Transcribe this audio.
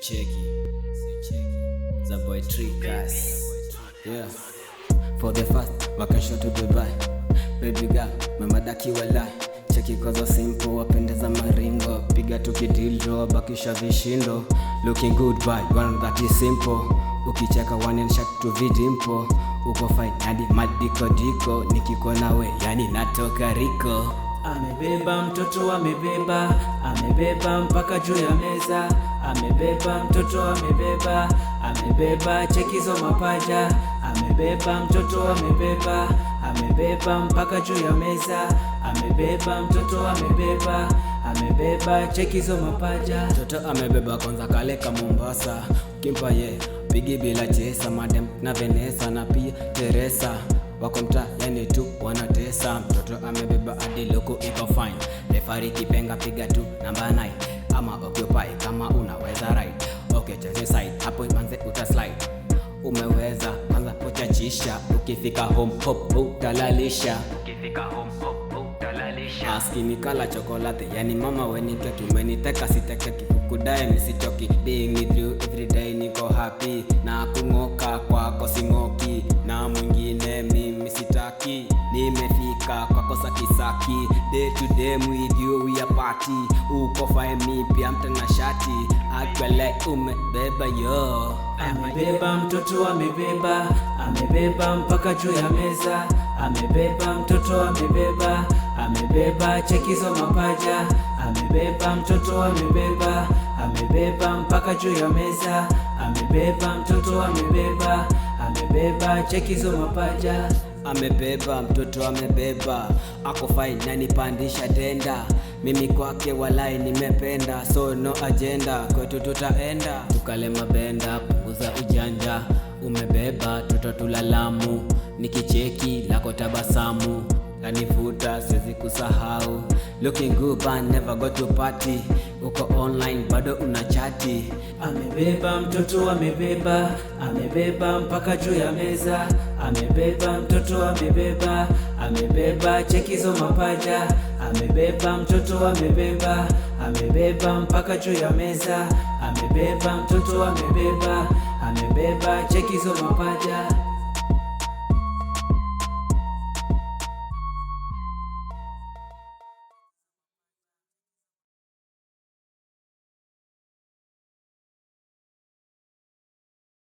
cheki za boy trickers yeah. for the first vacation to dubai baby girl daki wala cheki kwanza simple wapendeza maringo piga tu tukidilro bakisha vishindo looking good boy one that is simple ukicheka one and shot to vidimpo uko fine hadi madiko diko nikiko we yani natoka riko amebeba mtoto amebeba amebeba mpaka juu ya meza amebeba mtoto amebeba, amebeba chekizo mapaja, amebeba mtoto amebeba, amebeba mpaka juu ya meza, amebeba mtoto amebeba amebeba chekizo mapaja, mtoto amebeba kwanza kale ka Mombasa, kimpa ye pigi bila chesa, madam na Venesa na pia Teresa wako mta yani tu wanatesa, mtoto amebeba adi loko iko fine, refari kipenga piga tu namba 9 ama occupy kama unaweza right. Okay, change side hapo uta utaslide. Umeweza anza kuchachisha, ukifika home hop utalalisha, ukifika home hop utalalisha. kala chokolate, yani mama weni keki, umeniteka siteke, kikudae nisichoki, being with you everyday niko happy unitaki, nimefika kwa kosa kisaki. Day to day with you we are party, uko fae mipya mtanashati, akwele umebeba yo, amebeba mtoto amebeba, amebeba mpaka juu ya meza, amebeba mtoto amebeba, amebeba chekizo mapaja, amebeba mtoto amebeba, amebeba mpaka juu ya meza, amebeba mtoto amebeba amebeba chekizo mapaja amebeba mtoto amebeba, ako fine na nipandisha tenda. Mimi kwake walai nimependa, so no agenda, kwetu tutaenda tukale mabenda, punguza ujanja. Umebeba tutatulalamu, nikicheki lako tabasamu, kanivuta siwezi kusahau, looking good but never go to party uko online bado una chati, amebeba mtoto amebeba, amebeba mpaka juu ya meza, amebeba mtoto amebeba, amebeba chekizo mapaja, amebeba mtoto amebeba, amebeba mpaka juu ya meza, amebeba mtoto amebeba, amebeba chekizo mapaja